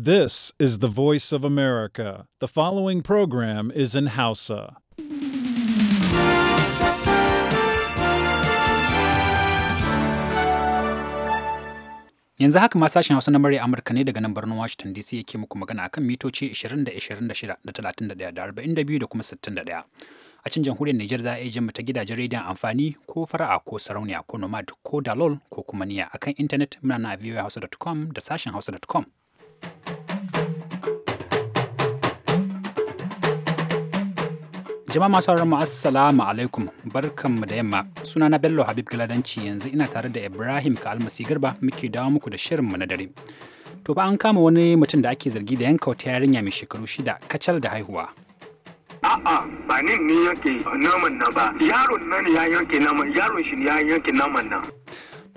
This is the voice of America. The following program is in Hausa. Yanzu haka ma sashen Hausa na murya Amurka ne daga nan birnin Washington DC yake muku magana akan mitoci 20 da 26 da 31 da 42 da kuma 61. a can jamhuriyar Nijar za a iya mu ta gidajen rediyon amfani ko fara'a ko sarauniya ko nomad ko dalol ko kuma niya akan intanet muna na voahausa.com da sashen hausa.com. Jama'a masu mu assalamu alaikum barkanmu da yamma sunana Bello Habib Galadanci yanzu ina tare da Ibrahim ka almasi garba muke dawo muku da shirinmu na dare. To ba an kama wani mutum da ake zargi da yanka wata yarinya mai shekaru shida kacal da haihuwa. A'a ba ni ne yanke naman na ba yaron nan ya yanke naman yaron shi ya yanke naman nan.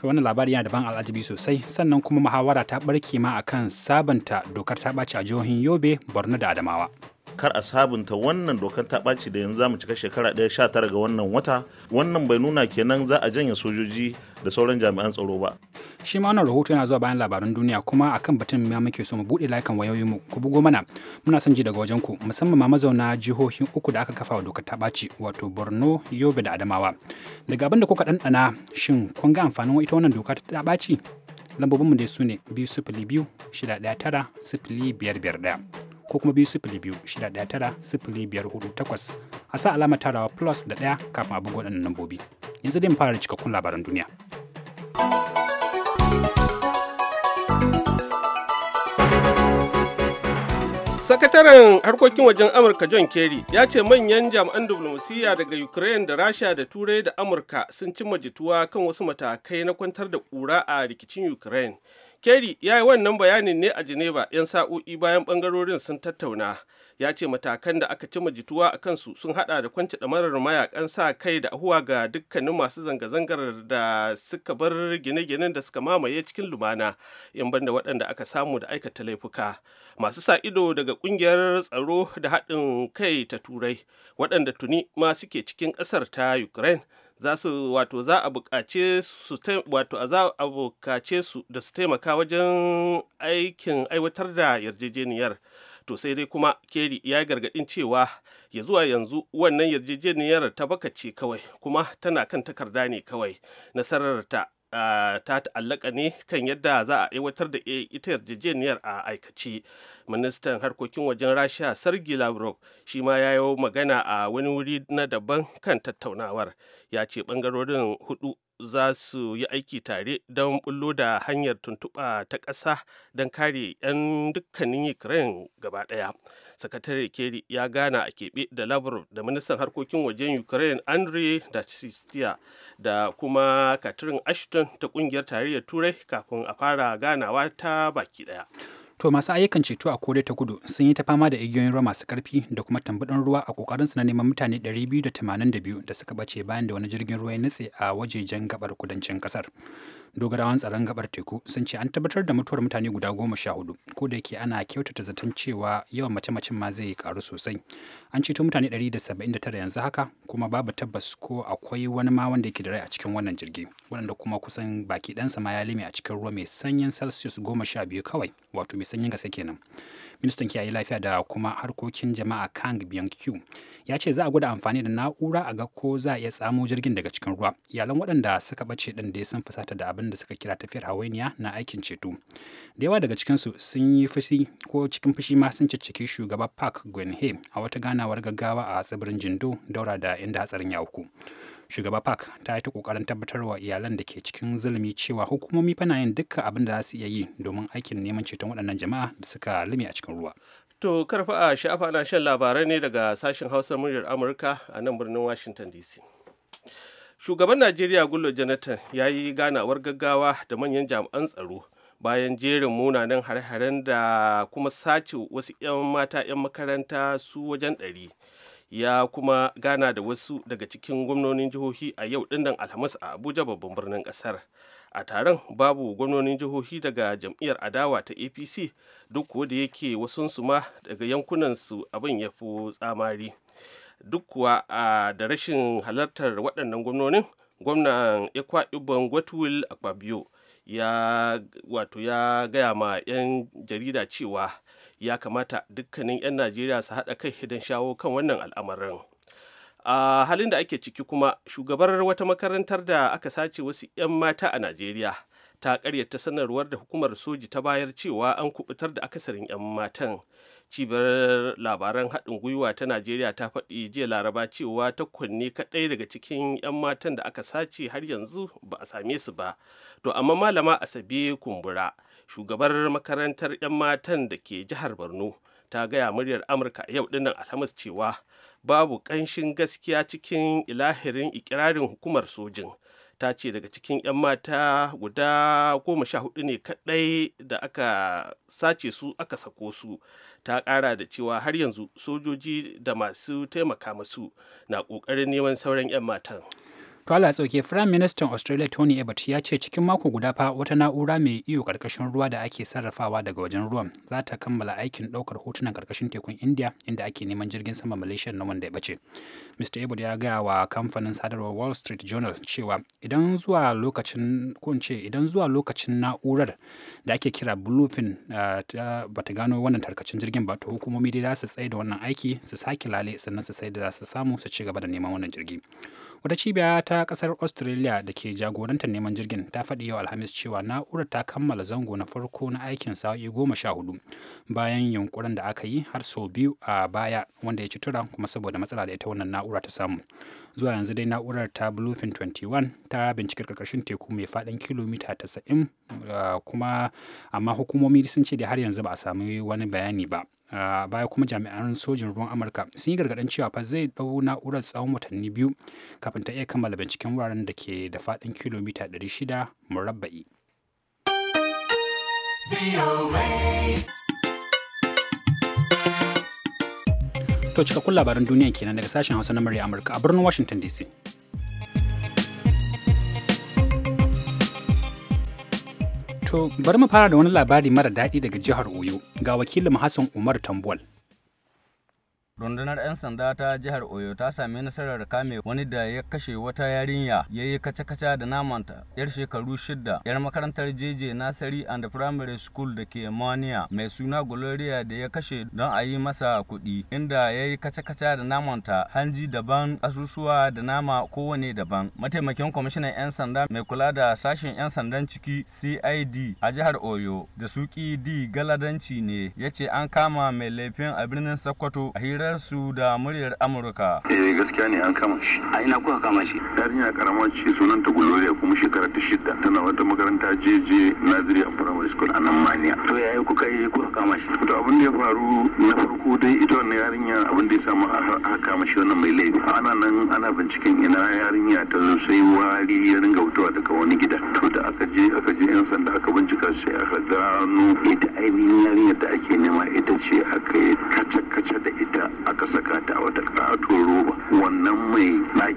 to wannan labari yana da ban al'ajabi sosai sannan kuma muhawara ta barke ma akan sabanta dokar ta ɓaci a jihohin yobe borno da adamawa kar a sabunta wannan dokar ta ɓaci da yanzu zamu cika shekara ɗaya sha tara ga wannan wata wannan bai nuna kenan za a janye sojoji da sauran jami'an tsaro ba. Shi ma wannan rahoto yana zuwa bayan labarin duniya kuma akan batun ma muke so mu buɗe layukan wayoyin mu ku bugo mana muna son ji daga wajen ku musamman ma mazauna jihohin uku da aka kafa wa dokar ta ɓaci wato Borno, Yobe da Adamawa. Daga abin da kuka ɗanɗana shin kun ga amfanin ita wannan doka ta ɓaci? Lambobinmu dai su ne biyu sifili biyu shida ɗaya tara sifili biyar biyar ɗaya. ko kuma biyu sifili biyu shida ɗaya tara sifili biyar hudu takwas a sa alama tarawa plus da ɗaya kafin abin buga lambobi yanzu dai mu fara cikakkun labaran duniya. sakataren harkokin wajen amurka john kerry ya ce manyan jami'an diflomasiyya daga ukraine da rasha da turai da amurka sun cimma jituwa kan wasu matakai na kwantar da kura a rikicin ukraine Kerry ya yi wannan bayanin ne a Geneva 'yan sa'o'i bayan bangarorin sun tattauna. Ya ce matakan da aka cima jituwa a kansu sun haɗa da kwanci ɗamarar mayakan sa kai da ahuwa ga dukkanin masu zanga-zangar da suka bar gine-ginen da suka mamaye cikin lumana, yan banda waɗanda aka samu da aikata laifuka. Masu sa ido daga ƙungiyar tsaro da haɗin kai ta Turai, waɗanda tuni ma suke cikin ƙasar ta Ukraine za su wato za a buƙace su wato za a buƙace su da su taimaka wajen aikin aiwatar da yarjejeniyar to sai dai kuma keri ya gargaɗin cewa ya zuwa yanzu wannan yarjejeniyar ta baka ce kawai kuma tana kan takarda ne kawai nasarar ta ta ta'allaka ne kan yadda za a aiwatar da ita yarjejeniyar a aikace ministan harkokin wajen rasha sergi lavrov shi ma ya yi magana a wani wuri na daban kan tattaunawar ya ce bangarorin hudu za su yi aiki tare don bullo da hanyar tuntuɓa ta ƙasa don kare 'yan dukkanin ukraine gaba ɗaya sakatare keri ya gana a keɓe da lavrov da ministan harkokin wajen ukraine andre dachistia da kuma catherine ashton ta ƙungiyar tarayyar turai kafin a fara ganawa ta baki ɗaya To masu ayyukan ceto a kodai ta Kudu sun yi ta fama da igiyoyin ruwa masu karfi da kuma tambudin ruwa a kokarin su na neman mutane 282 da suka bace bayan da wani jirgin ruwa ya nutse a wajejen gabar kudancin kasar. dogarawan tsaron gabar teku sun ce an tabbatar da mutuwar mutane guda goma sha hudu ko da yake ana kyautata zaton cewa yawan mace-macen ma zai karu sosai an ceto mutane 179 yanzu haka kuma babu tabbas ko akwai wani ma wanda yake da rai a cikin wannan jirgi waɗanda kuma kusan baki ɗansa ma ya lime a cikin ruwa mai sanyin celsius goma sha biyu kawai wato mai sanyin gaske kenan ministan kiyaye lafiya da kuma harkokin jama'a kang byung q ya ce za a gwada amfani da na'ura a ga ko za a iya tsamo jirgin daga cikin ruwa iyalan waɗanda suka ɓace ɗin da ya sun fusata da abin da suka kira tafiyar hawainiya na aikin ceto da yawa daga cikinsu sun yi fushi ko cikin fashi ma sun cicciki shugaba park gwenhe a wata ganawar gaggawa a tsibirin jindo daura da inda hatsarin ya auku shugaba park ta yi ta kokarin tabbatar wa iyalan da ke cikin zulumi cewa hukumomi fana yin dukkan abin da za su iya yi domin aikin neman ceton waɗannan jama'a da suka lumi a cikin ruwa to karfa a shafa ana shan labarai ne daga sashen hausa muryar amurka a nan birnin washington dc shugaban najeriya gullo jonathan ya yi ganawar gaggawa da manyan jami'an tsaro bayan jerin munanan hare-haren da kuma sace wasu 'yan mata 'yan makaranta su wajen ɗari ya kuma gana da wasu daga cikin gwamnonin jihohi a yau dindin alhamis a abuja babban birnin kasar a taron babu gwamnonin jihohi daga jam'iyyar adawa ta apc duk kuwa da yake wasunsu ma daga yankunansu abin ya fi tsamari duk kuwa a da rashin halartar waɗannan gwamnonin gwamnan ikwa ibon gwatwil akpabio ya wato ya gaya ma 'yan jarida cewa ya kamata dukkanin 'yan najeriya su haɗa kai don shawo kan wannan al'amarin a halin da ake ciki kuma shugabar wata makarantar da aka sace wasu 'yan mata a najeriya ta karyata sanarwar da hukumar soji ta bayar cewa an kubutar da akasarin 'yan matan cibiyar labaran haɗin gwiwa ta najeriya ta faɗi jiya laraba cewa ta kunne kaɗai daga cikin 'yan matan da aka sace har yanzu ba a same su ba to amma malama asabe kumbura shugabar makarantar 'yan matan da ke jihar borno ta gaya muryar amurka yau dinnan alhamis cewa babu ƙanshin gaskiya cikin ilahirin ikirarin hukumar sojin ta ce daga cikin 'yan mata guda goma sha hudu ne kaɗai da aka sace su aka sako su ta ƙara da cewa har yanzu sojoji da masu taimaka masu na ƙoƙarin neman sauran 'yan matan To Allah tsauke Prime Minister Australia Tony Abbott ya ce cikin mako guda fa wata na'ura mai iyo karkashin ruwa da ake sarrafawa daga wajen ruwan za ta kammala aikin daukar hotunan karkashin tekun India inda ake neman jirgin sama Malaysia na wanda ya bace. Mr. Abbott ya gaya wa kamfanin sadarwar Wall Street Journal cewa idan zuwa lokacin ko idan zuwa lokacin na'urar da ake kira Bluefin eh, ba ta gano wannan tarkacin jirgin ba to hukumomi dai za su tsaye da wannan aiki su sake lale sannan su sai da za su samu su ci gaba da neman wannan jirgi. wata cibiya ta kasar australia da ke jagorantar neman jirgin ta faɗi yau alhamis cewa na'urar ta kammala zango na farko na aikin sa'o'i goma sha hudu bayan yunkurin da aka yi har sau biyu a baya wanda ya ci tura kuma saboda matsala da ita wannan na'ura ta samu zuwa yanzu dai na'urar ta bluefin 21 ta bincike karkashin teku mai faɗin kilomita 90 ah, kuma amma hukumomi sun ce da har yanzu ba a sami wani bayani ba a baya kuma jami'an sojin ruwan amurka sun yi gargadin cewa fa zai ɗau na'urar tsawon watanni biyu kafin ta iya kammala binciken wuraren da ke da faɗin kilomita 600 murabba'i. To cikakkun labaran duniya kenan daga sashen Hausa na murya Amurka a birnin Washington DC. To bari mu fara da wani labari mara daɗi daga jihar Oyo ga wakilin Hassan Umar Tambol. rundunar 'yan sanda ta jihar oyo ta sami nasarar kame wani da ya kashe wata yarinya ya yi kaca-kaca da namanta yar shekaru shida yar makarantar jeje nasari and primary school da ke mania mai suna gloria da ya kashe don a yi masa kuɗi inda ya yi kaca-kaca da namanta hanji daban asusuwa da nama kowane daban mataimakin kwamishinan 'yan sanda mai kula da sashen 'yan sandan ciki cid a jihar oyo da suki d galadanci ne ya ce an kama mai laifin a birnin sokoto a hirar su da muryar Amurka. Eh gaskiya ne an kama shi. A ina kuka kama shi? Yarinya karama ce sunanta Gloria kuma shekara ta shida. Tana wata makaranta jeje a Primary School a nan Maniya. To yaya kuka yi kuka kama shi? To abin da ya faru na farko dai ita wannan yarinya abin da ya samu aka kama shi wannan mai laifi. Ana nan ana binciken ina yarinya ta zo sai wari ya ringa fitowa daga wani gida. To da aka je aka je 'yan sanda aka bincika sai aka gano ita ainihin yarinyar da ake nema ita ce aka yi kace-kace da ita aka saka ta a wata katon roba wannan mai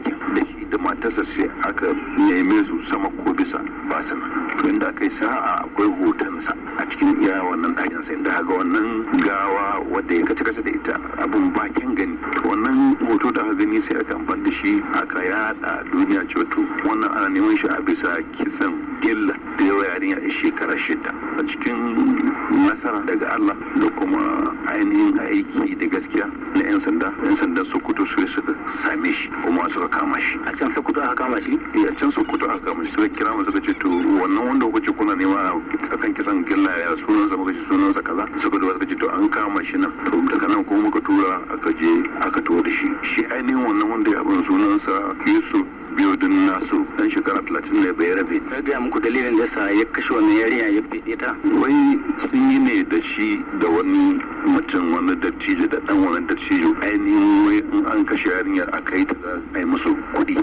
ɗakin da shi da matarsa sai aka neme su sama ko bisa ba su nan to inda kai sa'a akwai hotonsa a cikin iya wannan ɗakin sai inda ga wannan gawa wadda ya kace kace da ita abin bakin gani wannan hoto da aka gani sai aka amfani da shi aka yada duniya cewa wannan ana neman shi a bisa kisan gilla da yawa yarinya shekara shida a cikin nasara daga Allah da kuma ainihin a aiki da gaskiya na 'yan sanda 'yan sanda su sokoto su suka same shi kuma suka kama shi a can sokoto aka kama shi ne eh, a can sokoto aka kama shi suka kira mu suka ce to wannan wanda kuka ce kuna nema a akan kisan gilla ya sunan sa muka ce sunan sa kaza suka da suka ce to an kama shi nan to daga nan kuma muka tura aka je aka tuwo da shi shi ainihin wannan wanda ya abin sunan sa Yusuf biyu nasu dan shekara talatin da bai rabe Ka gaya muku dalilin da sa ya kashe wani yarinya ya fide ta wai sun yi ne da shi da wani mutum wani dattijo da dan wani dattijo ainihin wai in an kashe yarinyar a kai ta za a yi musu kuɗi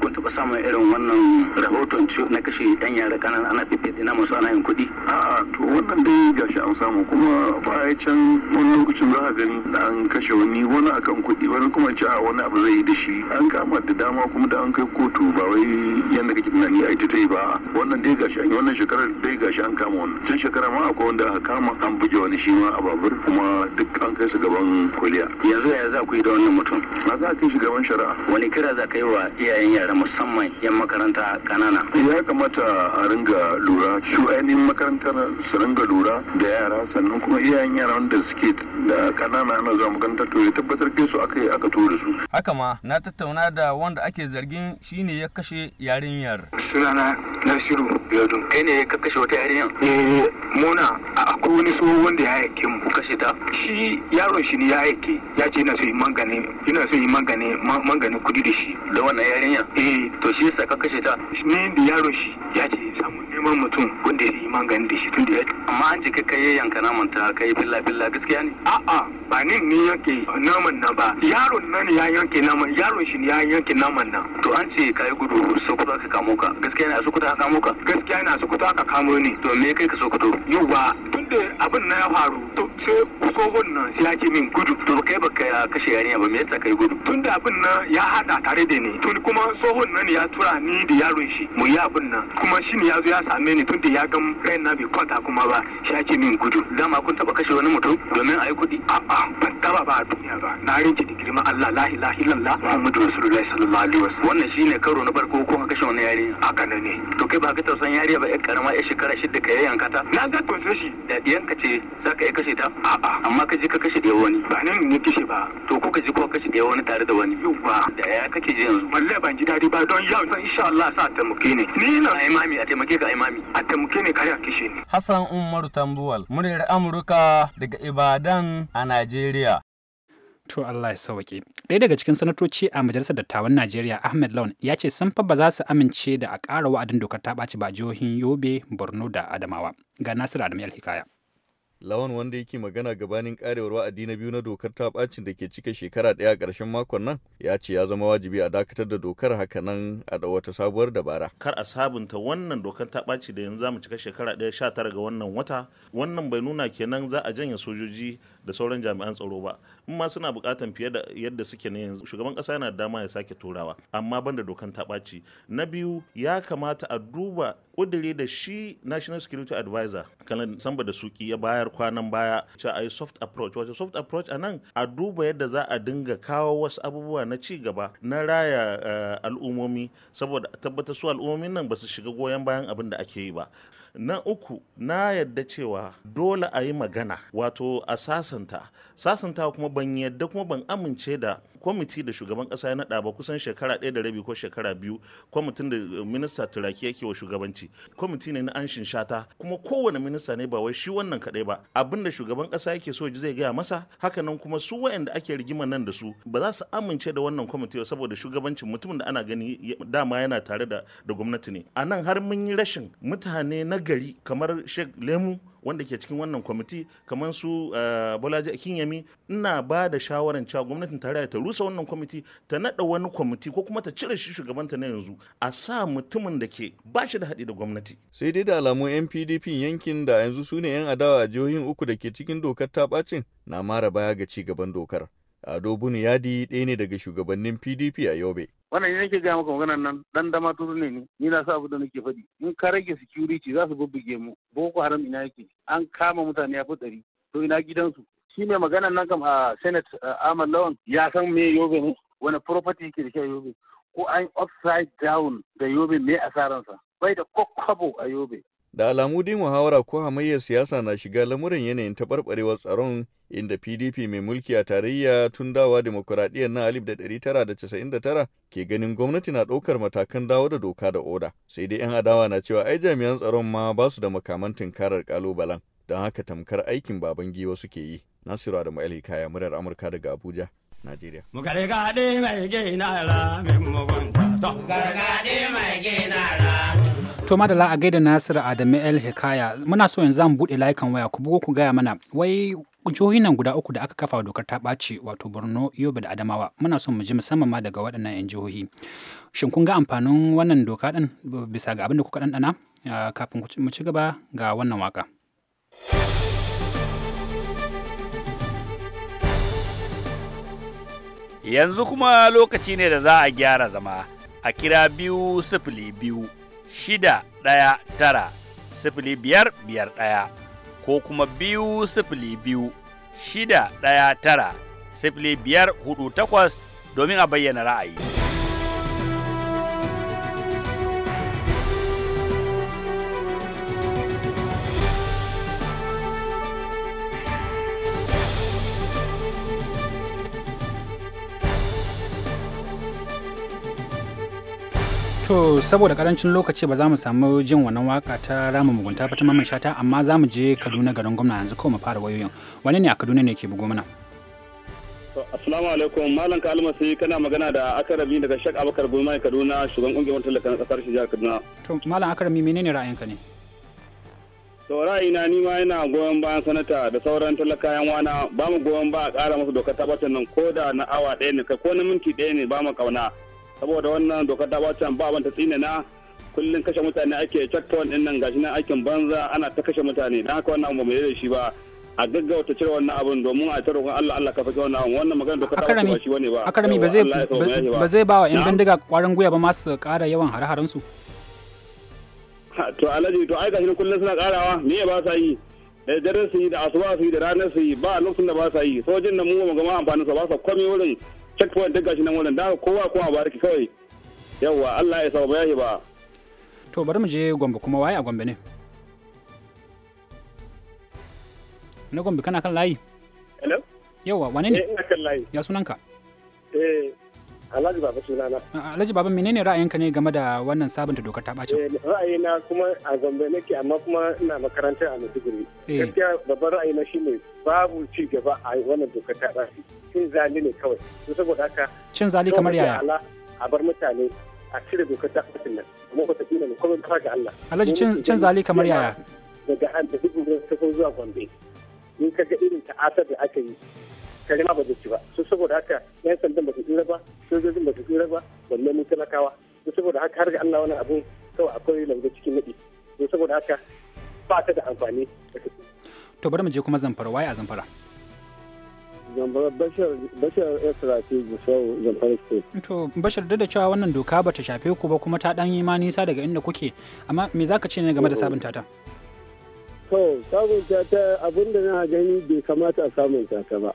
kun taɓa samun irin wannan rahoton na kashe yan yara kanan ana fifiti na masu ana yin kuɗi. A'a to wannan dai gashi an samu kuma baya can wani lokacin za a gani da an kashe wani wani akan kuɗi wani kuma ci a wani abu zai yi da shi an kama da dama kuma da an kai kotu ba wai yadda kake tunani a ita ta yi ba wannan dai gashi an yi wannan shekarar dai gashi an kama wani can shekara ma akwai wanda aka kama an buge wani shi ma a babur kuma duk an kai su gaban kuliya. Yanzu yaya za ku yi da wannan mutum? Na za a kai shi gaban shari'a. Wani kira za ka yi wa iyayen yara? da musamman 'yan makaranta kanana. Ya kamata a ringa lura su ainihin makarantar su ringa lura da yara sannan kuma iyayen yara wanda suke da kanana ana zuwa makaranta to ya tabbatar ke su aka yi aka tura su. Haka ma na tattauna da wanda ake zargin shine ya kashe yarinyar. Sunana Nasiru Yodun kai ne ka kashe wata yarinyar? Eh muna akwai wani so wanda ya yake mu kashe ta. Shi yaron shi ne ya yake ya ce ina so yi mangane ina so yi mangane mangane kudi da shi. Da wannan yarinyar? eh to shi yasa ka kashe ta ne da yaro shi ya ce ya samu neman mutum wanda ya yi magani da shi tun da ya amma an ce kai ya yanka naman ta kai billa billa gaskiya ne a'a ba ni ne yanke naman na ba yaron nan ya yanke naman yaron shi ya yanke naman na to an ce kai gudu sokoto aka kamo ka gaskiya ne a sokoto aka kamo ka gaskiya ne a sokoto aka kamo ni to me kai ka sokoto yau ba tun da abin na ya faru to sai tsohon nan sai ya ce min gudu to ba kai ba baka kashe yarinya ba me yasa kai gudu tun da abin nan ya hada tare da ni tun kuma tsohon nan ya tura ni da yaron shi mu yi abin nan kuma shi ne ya zo ya same ni tun da ya gan rai na bai kwanta kuma ba shi ya ce min gudu dama kun taba kashe wani mutum domin a yi kuɗi a'a ban taba ba a duniya ba na rinci da girman Allah la ilaha illallah Muhammadu Rasulullahi sallallahu alaihi wasallam wannan shine karo na farko ko kashe wani yarinya haka ne to kai ba ka tausan yarinya ba yar karama yar shekara shida ka yayyanka ta na ga tonso shi da ka ce za ka iya kashe ta a'a amma ka je ka kashe ɗaya wani ba nan ne kashe ba to ko ka je ko kashe ɗaya wani tare da wani ba da ya kake ji yanzu wallahi ban ji dadi ba don yau san insha Allah sa muke ne ni na imami a taimake ka imami a taimake ne kare a kashe ni Hassan umaru Tambuwal muryar Amurka daga Ibadan a Najeriya To Allah ya sauke. Ɗaya daga cikin sanatoci a Majalisar Dattawan Najeriya Ahmed Lawan ya ce sun fa ba za su amince da a ƙara wa'adin dokar ta ɓaci ba jihohin Yobe, Borno da Adamawa. Ga Nasiru Adamu hikaya. Lawan wanda yake magana gabanin karewar wa'adi na biyu na dokar ta bacin da ke cika shekara ɗaya ƙarshen makon nan ya ce ya zama wajibi a dakatar da dokar hakanan a da wata sabuwar dabara. Kar a sabunta wannan dokar ta ɓaci da yanzu za mu cika shekara ɗaya sha tara ga wannan wata wannan bai nuna kenan za a janye sojoji da sauran jami'an tsaro ba in ma suna bukatan fiye da yadda suke na yanzu shugaban kasa yana dama ya sake turawa amma banda dokan ta ɓaci na biyu ya kamata a duba ƙudiri da shi national security advisor kan samba da suki ya bayar kwanan baya ca a soft approach wato soft approach a nan a duba yadda za a dinga kawo wasu abubuwa na ci gaba na raya eh, al'ummomi saboda tabbatar su al'ummomin nan ba su shiga goyon bayan abin da ake yi ba na uku na yadda cewa dole a yi magana wato a sasanta sasanta kuma ban yadda kuma ban amince da kwamiti da shugaban kasa ya naɗa ba kusan shekara ɗaya da rabi ko shekara biyu kwamitin da eh, minista turaki yake wa shugabanci kwamiti ne na anshin shata kuma kowane minista ne ba wai shi wannan kaɗai ba abin da shugaban kasa yake so zai gaya masa hakanan kuma su da ake rigima nan da su ba za su amince da wannan kwamiti ba saboda shugabancin mutumin da ana gani dama yana tare da gwamnati ne a nan har mun yi rashin mutane na gari kamar sheikh lemu wanda ke cikin wannan kwamiti kamar su eh, bolaji akinyami ina ba da shawarar cewa gwamnatin tarayya ta rusa wannan kwamiti ta nada wani kwamiti ko kuma ta cire shi shugabanta na yanzu a sa mutumin da ke ba shi da haɗi da gwamnati sai dai da alamun yan pdp yankin da yanzu su ne yan adawa a jihohin uku da ke cikin dokar ta bacin na mara baya ga ci gaban dokar ado bunu yadi ɗaya ne daga shugabannin pdp a yobe wannan ne nake gaya maka maganar nan dan dama turu ne ni ni na sa abu da nake faɗi in ka rage security za su bubbuge mu boko haram ina yake an kama mutane ya fi ɗari to ina gidansu shi mai maganar nan kam a senate ahmad lawan ya san me yobe ne wani property yake da shi a yobe ko an upside down da yobe me asaransa bai da kokwabo a yobe da alamu dai muhawara ko hamayyar siyasa na shiga lamuran yanayin taɓarɓarewar tsaron inda PDP mai mulki a tarayya tun dawa demokuraɗiyyar na 1999 ke ganin gwamnati na ɗaukar matakan dawo da doka da oda. Sai dai 'yan adawa na cewa ai jami'an tsaron ma ba su da makaman tunkarar ƙalubalen, don haka tamkar aikin baban giwa suke yi. Nasiru Adamu Ali Kaya, murar Amurka daga Abuja, Najeriya. mai gina ra, mugunta. mai gina ra, To madala a gaida Nasiru Adamu El Hikaya muna so yanzu mu buɗe layukan waya ku bugo ku gaya mana wai jihohin nan guda uku da aka kafa dokar ta ɓace wato borno yobe da adamawa muna son mu ji musamman ma daga waɗannan 'yan jihohi shin kun ga amfanin wannan doka ɗin bisa ga abin da kuka ɗanɗana kafin mu ci gaba ga wannan waka. yanzu kuma lokaci ne da za a gyara zama a kira biyu sifili biyu shida ɗaya tara sifili biyar biyar ɗaya ko kuma biyu sifili biyu shida ɗaya tara sifili biyar hudu takwas domin a bayyana ra'ayi. to saboda karancin lokaci ba za mu samu jin wannan waka ta rama mugunta ba ta mamman shata amma za mu je kaduna garin gwamna yanzu kawai mu fara wayoyin wani ne a kaduna ne ke bugu mana Assalamu alaikum Malam ka sai kana magana da Akarami daga shak Abakar Gulmai Kaduna shugaban kungiyar talaka na kasar Shijar Kaduna. To Malam Akarami menene ra'ayinka ne? To ra'ayina ni ma yana goyon bayan sanata da sauran talakayan wana ba mu goyon ba a kara musu dokar tabbatar nan ko da na awa ɗaya ne ko na minti ɗaya ne ba mu kauna. saboda wannan dokar ta bacin ba wanta tsine na kullum kashe mutane ake checkpoint din nan gashi nan aikin banza ana ta kashe mutane dan haka wannan abu mai da shi ba a gaggauta cire wannan abun domin a ta roƙon Allah Allah ka fake wannan abun wannan magana dokar ta ba shi wani ba akarami ba zai ba zai ba wa yan bindiga kwarin guya ba ma su ƙara yawan har su to alaji to ai gashi kullum suna karawa me ba sa yi da daren su yi da asuba su yi da ranar su yi ba lokacin da ba sa yi sojin nan mu ga mu amfani amfanin sa ba sa komai wurin checkpoint duk gashi nan wurin da kowa kuma a baraki kawai yawwa Allah ya saba yahi ba to bari mu je Gombe kuma waye a Gombe ne na Gombe kana kan layi hello yawwa wane ne eh, ina kan layi ya sunanka eh Alhaji Baba sunana. Alhaji Baba menene ra'ayinka ne game da wannan sabunta dokar ta bacin? Eh, ra'ayina kuma a Gombe nake amma kuma ina makaranta a Maiduguri. Eh. Gaskiya babban ra'ayina shine babu ci gaba a wannan dokar ta bacin. Cin zali ne kawai. To saboda haka Cin zali kamar yaya? A bar mutane a cire dokar ta bacin nan. Kuma ko ta kila ne kuma ta ga Allah. Alhaji cin zali kamar yaya? Daga an da Maiduguri ta zuwa Gombe. In ka ga irin ta'asar da aka yi kare ma ba zai ci ba su saboda haka yan sandan ba su tsira ba sojojin ba su tsira ba wannan mun talakawa su saboda haka har ga Allah wannan abun kawai akwai lambu cikin nadi su saboda haka ba ta da amfani to bari mu je kuma zamfara waye a zamfara bashar estrategi sau zamfara state to bashar da cewa wannan doka ba ta shafe ku ba kuma ta dan yi ma nisa daga inda kuke amma me zaka ce ne game da oh. sabunta ta to sabunta ta abinda na gani bai kamata a sabunta ta ba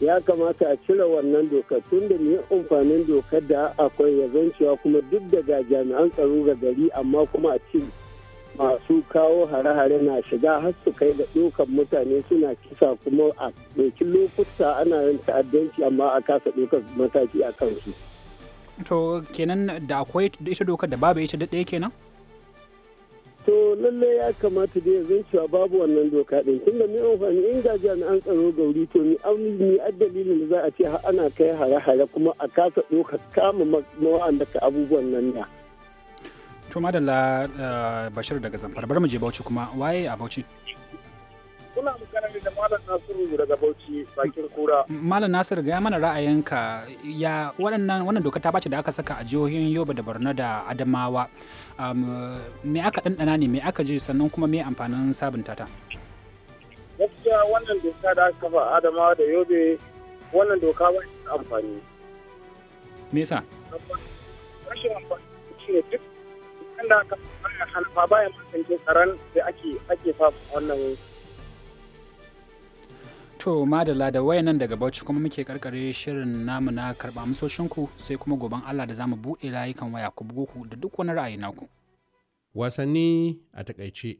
ya kamata a cire wannan doka tun da ne amfanin dokar da akwai yazancewa kuma duk daga jami'an tsaro ga gari amma kuma a ci masu kawo hare-hare na shiga har su kai ga dokan mutane suna kisa kuma a ɗauki lokuta ana yin ta'addanci amma a kasa dokar mataki a kansu. to kenan da akwai ita dokar da babu ita ɗaya kenan? to lallai ya kamata da ya zan cewa babu wannan doka din tun da mai amfani in na an tsaro gauri to ni amini a dalilin da za a ce ana kai hare-hare kuma a kasa doka kama da ka abubuwan nan da. to madalla eh, bashir daga zamfara bari mu je bauchi kuma waye a bauchi. ne da Malam Nasiru daga Bauchi bakin kura. Malam Nasiru ga mana ra'ayinka ya waɗannan wannan doka ta bace da aka saka a jihohin Yobe da Borno da Adamawa. me aka ɗanɗana ne me aka ji sannan kuma me amfanin sabunta ta? Gaskiya wannan doka da aka ba Adamawa da Yobe wannan doka ba amfani. Me yasa? Rashin amfani shi ne duk inda aka aka halfa bayan magance tsaron da ake ake fafa wannan to madalla da nan daga bauchi kuma muke karkare shirin namu na karba amsoshinku sai kuma goban allah da zamu buɗe layukan waya ku bugu da duk wani ra'ayi naku wasanni a takaice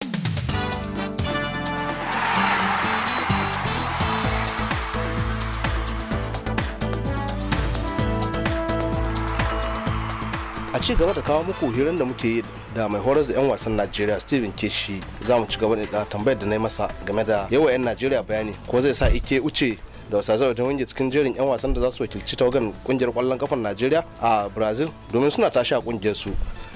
a ci gaba da kawo muku hirin da muke yi da mai horar da 'yan wasan najeriya steven keshi za mu ci gaba da tambayar da na yi masa game da yawa 'yan najeriya bayani ko zai sa ike uce da wasa zai wajen cikin jerin 'yan wasan da za su wakilci tawagan kungiyar kwallon kafan najeriya a brazil domin suna tashi a kungiyar su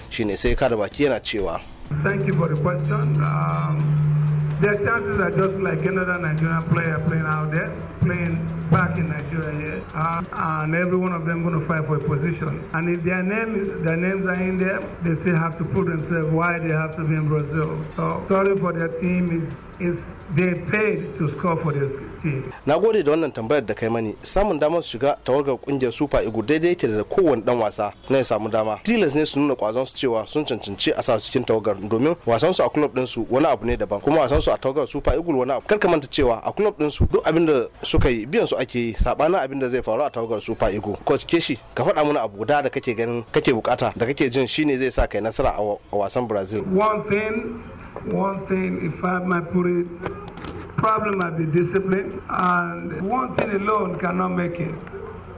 shine sai ka da baki yana cewa thank you for the their chances are just like another Nigerian player playing out there, playing back in Nigeria here. Uh, and every one of them going to fight for a position. And if their name, their names are in there, they still have to prove themselves why they have to be in Brazil. So sorry for their team. It's, is Na gode da wannan tambayar da kai mani samun damar shiga tawagar kungiyar Super Eagles daidai yake da kowane dan wasa na ya samu dama. Tilas ne su nuna kwazon su cewa sun cancanci a sa su cikin tawagar domin wasan su a club din su wani abu ne daban kuma wasan su a tawagar Super Eagles wani abu. Karka manta cewa a club din su duk abinda da suka yi biyan su ake yi sabanin abin da zai faru a tawagar Super Eagles. Coach Keshi ka faɗa mana abu guda da kake ganin kake bukata da kake jin shine zai sa kai nasara a wasan Brazil. One thing One thing, if I might put it, problem might be discipline, and one thing alone cannot make it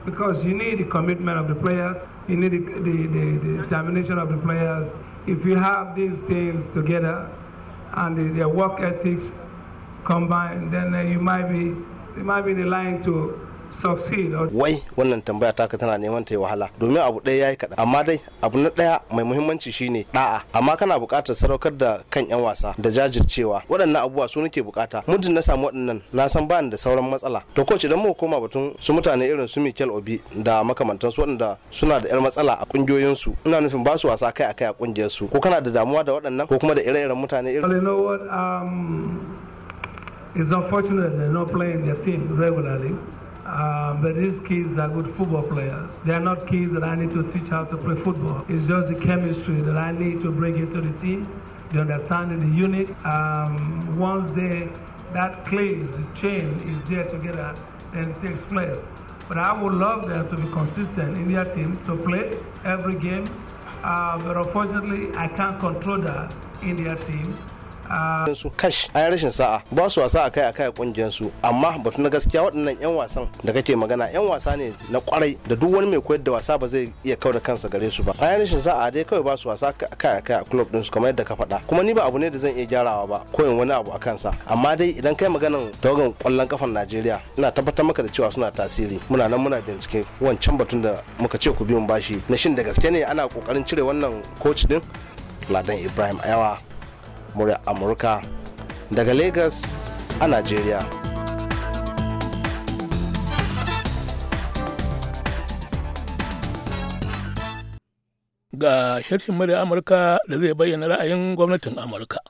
because you need the commitment of the players, you need the, the, the, determination of the players. If you have these things together and the, their work ethics combined, then uh, you might be, it might be the line to wai wannan tambaya taka tana neman ta yi wahala domin abu ɗaya yi kaɗan amma dai abu na ɗaya mai muhimmanci shine Ɗa'a, amma kana buƙatar sadaukar da kan yan wasa da jajircewa waɗannan abubuwa su nake buƙata muddin na samu waɗannan na san bani da sauran matsala to coach idan muka koma batun su mutane irin su Mikel Obi da makamantansu waɗanda suna da yar matsala a kungiyoyinsu ina nufin ba su wasa kai akai a kungiyarsu ko kana da damuwa da waɗannan ko kuma da ire-iren mutane irin um, It's unfortunate they're not playing their team regularly. Um, but these kids are good football players. They are not kids that I need to teach how to play football. It's just the chemistry that I need to bring into the team, the understanding, the unit. Um, once they, that clicks, the chain is there together, then it takes place. But I would love them to be consistent in their team, to play every game. Uh, but unfortunately, I can't control that in their team. su kash ai rashin sa'a ba su wasa akai akai kungiyar su amma batu na gaskiya waɗannan yan wasan da kake magana yan wasa ne na kwarai da duk wani mai koyar da wasa ba zai iya kawar kansa gare su ba ai rashin sa'a dai kawai ba su wasa akai akai a club din su kamar yadda ka faɗa kuma ni ba abu ne da zan iya gyarawa ba ko in wani abu a kansa amma dai idan kai maganan tawagan kwallon kafan Najeriya ina tabbatar maka da cewa suna tasiri muna nan muna bincike wancan batun da muka ce ku biyun bashi na shin da gaske ne ana kokarin cire wannan coach din Ladan Ibrahim Ayawa murya amurka daga lagos a nigeria ga sharshin murya amurka da zai bayyana ra'ayin gwamnatin amurka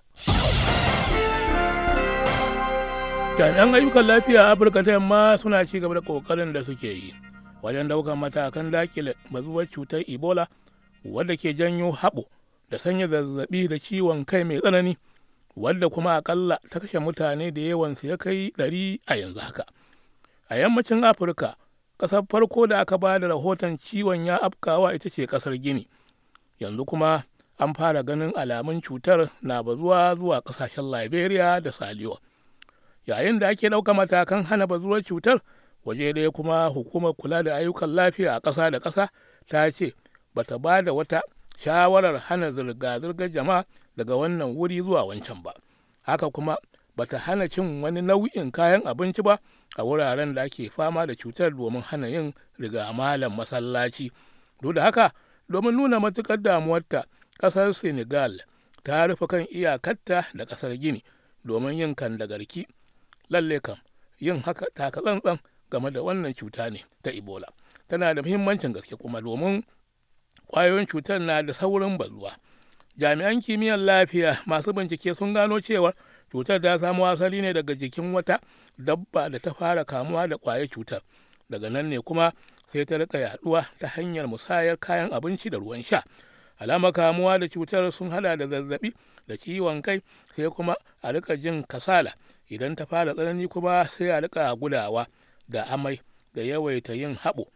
jami'an ayyukan lafiya a afirka ta yamma suna ci gaba da kokarin da suke yi wajen daukan matakan dakile bazuwar cutar ebola wadda ke janyo haɓo da sanya zazzabi da ciwon kai mai tsanani wadda kuma akalla ta kashe mutane da yawansu ya kai ɗari a yanzu haka a yammacin afirka ƙasar farko da aka ba da rahoton ciwon ya afkawa ita ce ƙasar gini yanzu kuma an fara ganin alamun cutar na bazuwa zuwa ƙasashen liberia da Saliwa. yayin da ake ɗauka matakan hana bazuwar cutar waje ɗaya kuma hukumar kula da ayyukan lafiya a ƙasa da ƙasa ta ce bata ba da wata shawarar hana zirga-zirgar jama'a daga wannan wuri zuwa wancan ba haka kuma ba ta hana cin wani nau'in kayan abinci ba a wuraren da ake fama da cutar domin hana yin rigamalan masallaci duk da haka domin nuna matukar damuwarta ƙasar senegal ta rufe kan iyakarta da ƙasar gini domin yin kan da garki lalle kam yin haka takatsantsan game da wannan cuta ne ta ebola tana da muhimmancin gaske kuma domin ƙwayoyin cutar na da saurin bazuwa jami'an kimiyyar lafiya masu bincike sun gano cewa cutar ta samo asali ne daga jikin wata dabba da ta fara kamuwa da ƙwayar cutar daga nan ne kuma sai ta rika yaduwa ta hanyar musayar kayan abinci da ruwan sha alama kamuwa da cutar sun hada da zazzabi da ciwon kai sai kuma a rika jin kasala idan ta fara tsanani kuma sai a rika gudawa da amai da yawaita yin haɓo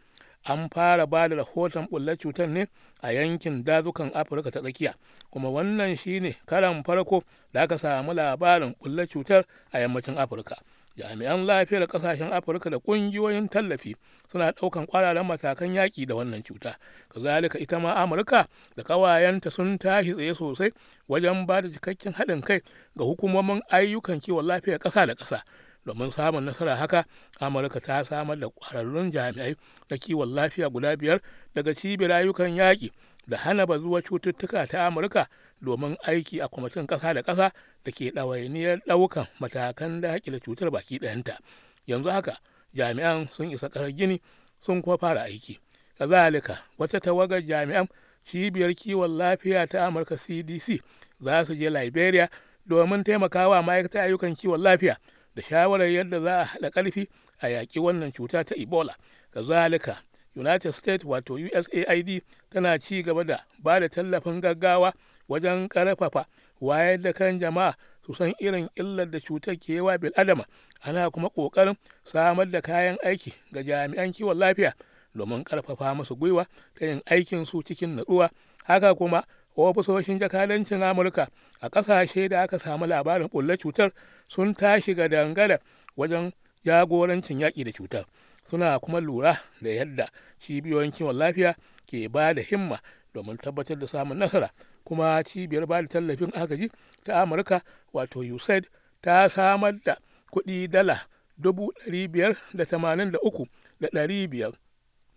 an fara ba da rahoton bullar cutar ne a yankin dazukan afirka ta tsakiya kuma wannan shine karan farko da aka samu labarin bullar cutar a yammacin afirka jami'an lafiyar kasashen afirka da kungiyoyin tallafi suna ɗaukan kwararan matakan yaki da wannan cuta kazalika ita ma amurka da kawayenta sun tashi tsaye sosai wajen ba da cikakken haɗin kai ga hukumomin ayyukan kiwon lafiyar ƙasa da ƙasa domin samun nasara haka amurka ta samar da ƙwararrun jami'ai na kiwon lafiya guda biyar daga cibiyar ayyukan yaƙi da hana bazuwa cututtuka ta amurka domin aiki a kwamitin ƙasa da ƙasa da ke ɗawainiyar ɗaukan matakan daƙile cutar baki ɗayanta yanzu haka jami'an sun isa ƙarar gini sun kuma fara aiki kazalika wata tawagar jami'an cibiyar kiwon lafiya ta amurka cdc za su je liberia domin taimakawa ma'aikatar ayyukan kiwon lafiya da shawarar yadda za a haɗa ƙarfi a yaƙi wannan cuta ta ebola zalika united states wato usaid tana ci gaba da ba da tallafin gaggawa wajen ƙarfafa wayar da kan jama'a su san irin illar da cutar ke yawa bil'adama ana kuma ƙoƙarin samar da kayan aiki ga jami'an kiwon lafiya domin ƙarfafa musu gwiwa ta yin aikin su cikin natsuwa haka kuma ofisoshin jakadancin amurka a ƙasashe da aka samu labarin ɓullar cutar sun tashi ga dangada wajen jagorancin yaƙi da cutar suna kuma lura da yadda cibiyoyin kiwon lafiya ke ba da himma domin tabbatar da samun nasara kuma cibiyar ba da tallafin agaji ta amurka wato usaid ta samar da kuɗi dala dubu ɗari biyar da tamanin da uku da ɗari biyar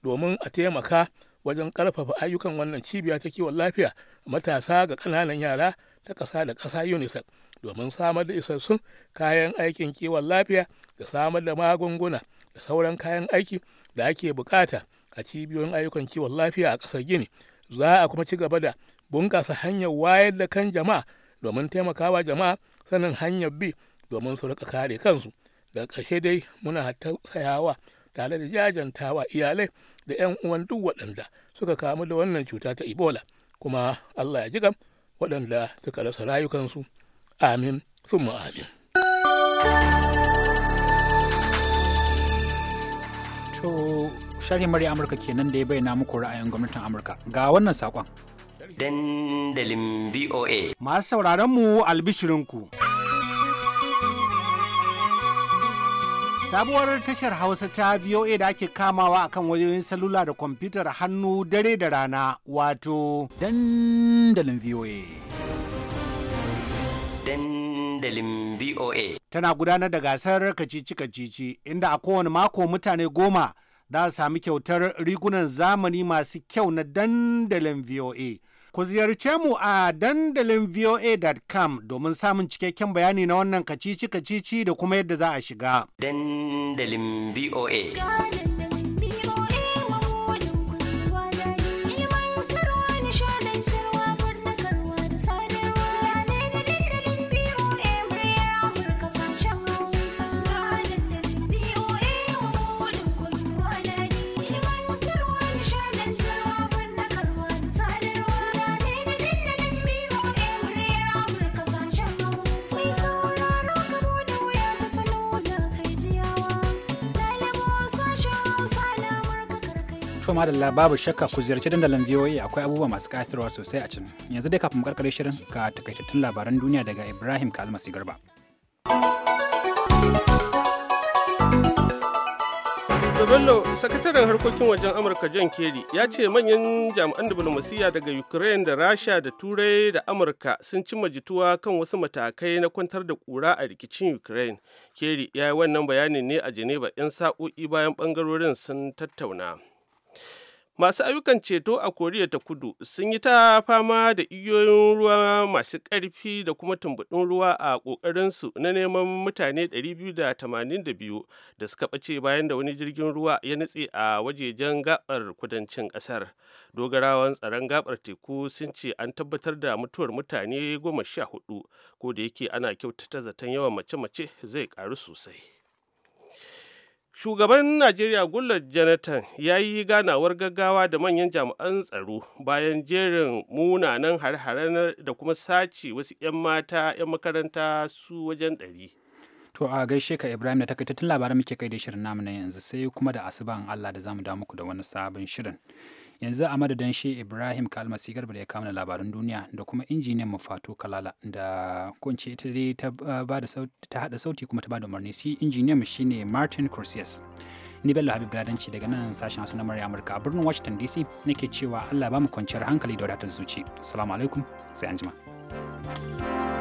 domin a taimaka wajen ƙarfafa ayyukan wannan cibiya ta kiwon lafiya matasa ga ƙananan yara ta ƙasa da ƙasa unicef domin samar da isassun kayan aikin kiwon lafiya da samar da magunguna da sauran kayan aiki da ake bukata a cibiyoyin ayyukan kiwon lafiya a ƙasar gini za a kuma ci gaba da bunƙasa hanyar wayar da kan jama'a domin taimakawa jama'a sanin hanyar bi domin su rika kare kansu daga ƙarshe dai muna tausayawa tare da jajantawa iyalai da 'yan uwan duk waɗanda suka kamu da wannan cuta ta ebola kuma allah ya ji waɗanda suka rasa rayukansu amin sun amin to sharhi murya amurka kenan da ya bayyana muku ra'ayin gwamnatin amurka ga wannan saƙon dandalin voa masu sauraron mu albishirinku Sabuwar tashar Hausa ta VOA da ake kamawa akan wayoyin salula da kwamfutar hannu dare da rana wato dandalin VOA. Dandalin VOA. Tana gudanar da gasar kacici-kacici inda a kowane mako mutane goma za su sami kyautar rigunan zamani masu kyau na dandalin VOA. Ku ziyarce mu a dandalin voa.com domin samun cikakken bayani na wannan kacici-kacici da kuma yadda za a shiga. Dandalin VOA. To da babu shakka ku ziyarci dandalin VOA akwai abubuwa masu katarwa sosai a can. Yanzu dai kafin karkare shirin ka takaitattun labaran duniya daga Ibrahim Kalmasi Garba. Bello, sakataren harkokin wajen Amurka John Kerry ya ce manyan jami'an diplomasiyya daga Ukraine da Rasha da Turai da Amurka sun cimma jituwa kan wasu matakai na kwantar da kura a rikicin Ukraine. Kerry ya yi wannan bayanin ne a Geneva 'yan sa'o'i bayan bangarorin sun tattauna. masu ayyukan ceto a koriya ta kudu sun yi ta fama da igiyoyin ruwa masu ƙarfi da kuma tumbuɗin ruwa a ƙoƙarinsu na neman mutane 282 da suka ɓace bayan da wani jirgin ruwa ya nutse a wajejen gaɓar kudancin ƙasar dogarawan tsaron gaɓar teku sun ce an tabbatar da mutuwar mutane goma sha hudu ko da yake ana kyautata zaton yawan mace-mace zai ƙaru sosai Shugaban Najeriya Gullar Jonathan ya yi ganawar gaggawa da manyan jami'an tsaro bayan jerin munanan har hare da kuma sace wasu 'yan mata 'yan makaranta su wajen ɗari. To a gaishe ka Ibrahim da takaitattun labaran muke kai da shirin namu na yanzu sai kuma da asuba Allah da zamu da muku da wani sabon shirin. yanzu a madadin shi ibrahim kalmasi garba da ya kama labarin duniya da kuma injiniyan mu fatu kalala da kunce ita dai ta hada uh, sauti kuma ta bada umarni shi injiniyan mu shine martin cursius ni bello habib gadanci daga nan sashen hasu na murya amurka a birnin washington dc nake cewa allah ba mu kwanciyar hankali da wadatar zuci assalamu alaikum sai anjima thank you